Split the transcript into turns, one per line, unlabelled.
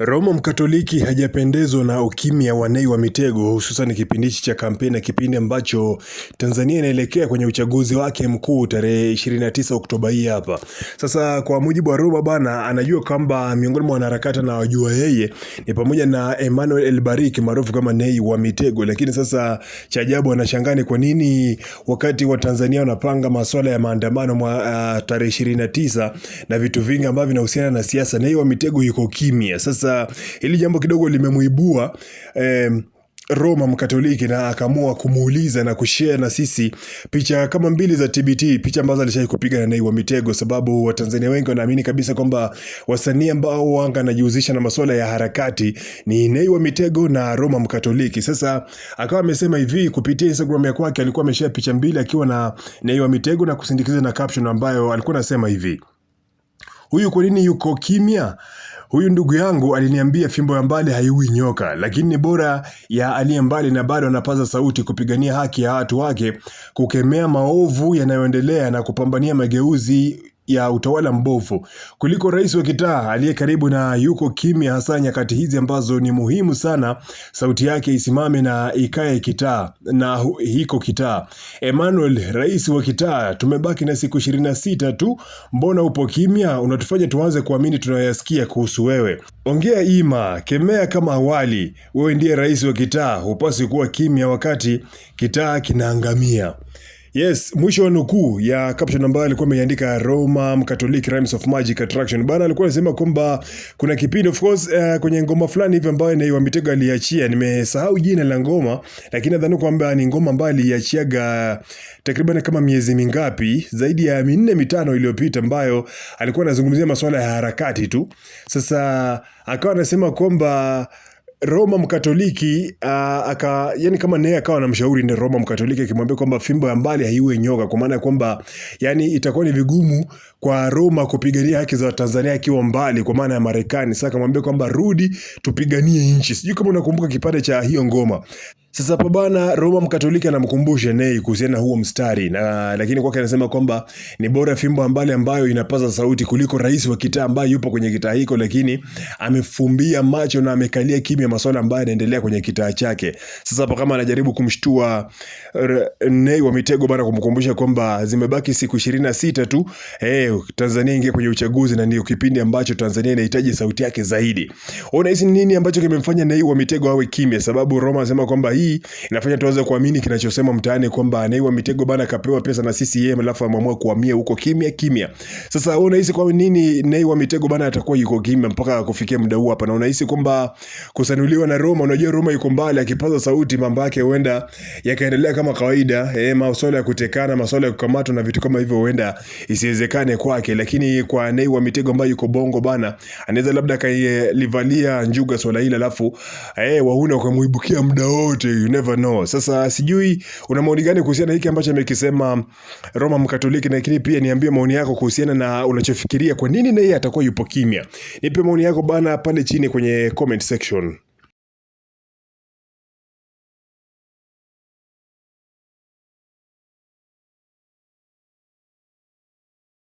Roma Mkatoliki hajapendezwa na ukimya wa Nay wa Mitego, hususan kipindi hichi cha kampeni na kipindi ambacho Tanzania inaelekea kwenye uchaguzi wake mkuu tarehe 29 Oktoba hii hapa. Sasa kwa mujibu wa Roma bana, anajua kwamba miongoni mwa wanaharakati na wajua yeye ni pamoja na Emmanuel Elbariki maarufu kama Nay wa Mitego, lakini sasa cha ajabu anashangani kwa nini wakati wa Tanzania wanapanga masuala ya maandamano mwa uh, tarehe 29 na vitu vingi ambavyo vinahusiana na siasa, Nay wa Mitego yuko kimya. Sasa sasa hili jambo kidogo limemuibua eh, Roma Mkatoliki na akaamua kumuuliza na kushare na sisi picha kama mbili za TBT, picha ambazo alishai kupiga na Nay wa Mitego, sababu Watanzania wengi wanaamini kabisa kwamba wasanii ambao wanga anajihusisha na masuala ya harakati ni Nay wa Mitego na Roma Mkatoliki. Sasa akawa amesema hivi kupitia Instagram ya kwake, alikuwa ameshare picha mbili akiwa na Nay wa Mitego na kusindikiza na caption ambayo alikuwa anasema hivi Huyu kwa nini yuko kimya? Huyu ndugu yangu aliniambia fimbo ya mbali haiui nyoka, lakini ni bora ya aliye mbali na bado anapaza sauti kupigania haki ya watu wake, kukemea maovu yanayoendelea na kupambania mageuzi ya utawala mbovu kuliko rais wa kitaa aliye karibu na yuko kimya, hasa nyakati hizi ambazo ni muhimu sana sauti yake isimame na ikae kitaa na hiko kitaa. Emmanuel, rais wa kitaa, tumebaki na siku ishirini na sita tu, mbona upo kimya? Unatufanya tuanze kuamini tunayoyasikia kuhusu wewe. Ongea ima, kemea kama awali. Wewe ndiye rais wa kitaa, hupaswi kuwa kimya wakati kitaa kinaangamia. Yes, mwisho wa nukuu ya caption ambayo alikuwa ameandika Roma Catholic Rhymes of Magic Attraction. Bana alikuwa anasema kwamba kuna kipindi of course uh, kwenye ngoma fulani hivi ambayo ni wa Mitego aliachia, nimesahau jina la ngoma, lakini nadhani kwamba ni ngoma ambayo aliachiaga takriban kama miezi mingapi, zaidi ya minne mitano iliyopita ambayo alikuwa anazungumzia masuala ya harakati tu. Sasa akawa anasema kwamba Roma Mkatoliki uh, aka, yani kama naye akawa anamshauri ndio Roma Mkatoliki akimwambia kwamba fimbo ya mbali haiwe nyoka, kwa maana ya kwamba yani itakuwa ni vigumu kwa Roma kupigania haki za Tanzania akiwa mbali, kwa maana ya Marekani. Sasa akamwambia kwamba rudi tupiganie nchi. Sijui kama unakumbuka kipande cha hiyo ngoma. Sasa hapo bwana Roma Mkatoliki anamkumbusha Nei kuhusiana na huo mstari na, lakini kwake anasema kwamba ni bora fimbo ambale ambayo inapaza sauti kuliko rais wa kitaa ambaye yupo kwenye kitaa hiko, lakini amefumbia macho na amekalia kimya masuala ambayo yanaendelea kwenye kitaa chake. Sasa hapo kama anajaribu kumshtua Nei wa Mitego bwana, kumkumbusha kwamba zimebaki siku 26 tu, eh, Tanzania ingia kwenye uchaguzi na ndio kipindi ambacho Tanzania inahitaji sauti yake zaidi. Unahisi nini ambacho kimemfanya Nei wa Mitego awe kimya? Sababu Roma anasema kwamba hii hii inafanya tuweze kuamini kinachosema mtaani kwamba Anaiwa Mitego bana kapewa pesa na CCM alafu ameamua kuhamia huko kimya kimya. Sasa wewe unahisi kwa nini naiwa Mitego bana atakuwa yuko kimya mpaka kufikia muda huu hapa, na unahisi kwamba kusanuliwa na Roma, unajua Roma yuko mbali, akipaza sauti mambo yake huenda yakaendelea kama kawaida, eh, masuala ya kutekana, masuala ya kukamatwa na vitu kama hivyo huenda isiwezekane kwake, lakini kwa naiwa Mitego ambaye yuko Bongo bana anaweza labda kailivalia njuga swala hili alafu eh, wauna ukamuibukia muda wote you never know. Sasa sijui una maoni gani kuhusiana na hiki ambacho amekisema Roma Mkatoliki, lakini pia niambie maoni yako kuhusiana na unachofikiria, kwa nini na yeye atakuwa yupo kimya. Nipe maoni yako bana pale chini kwenye comment section.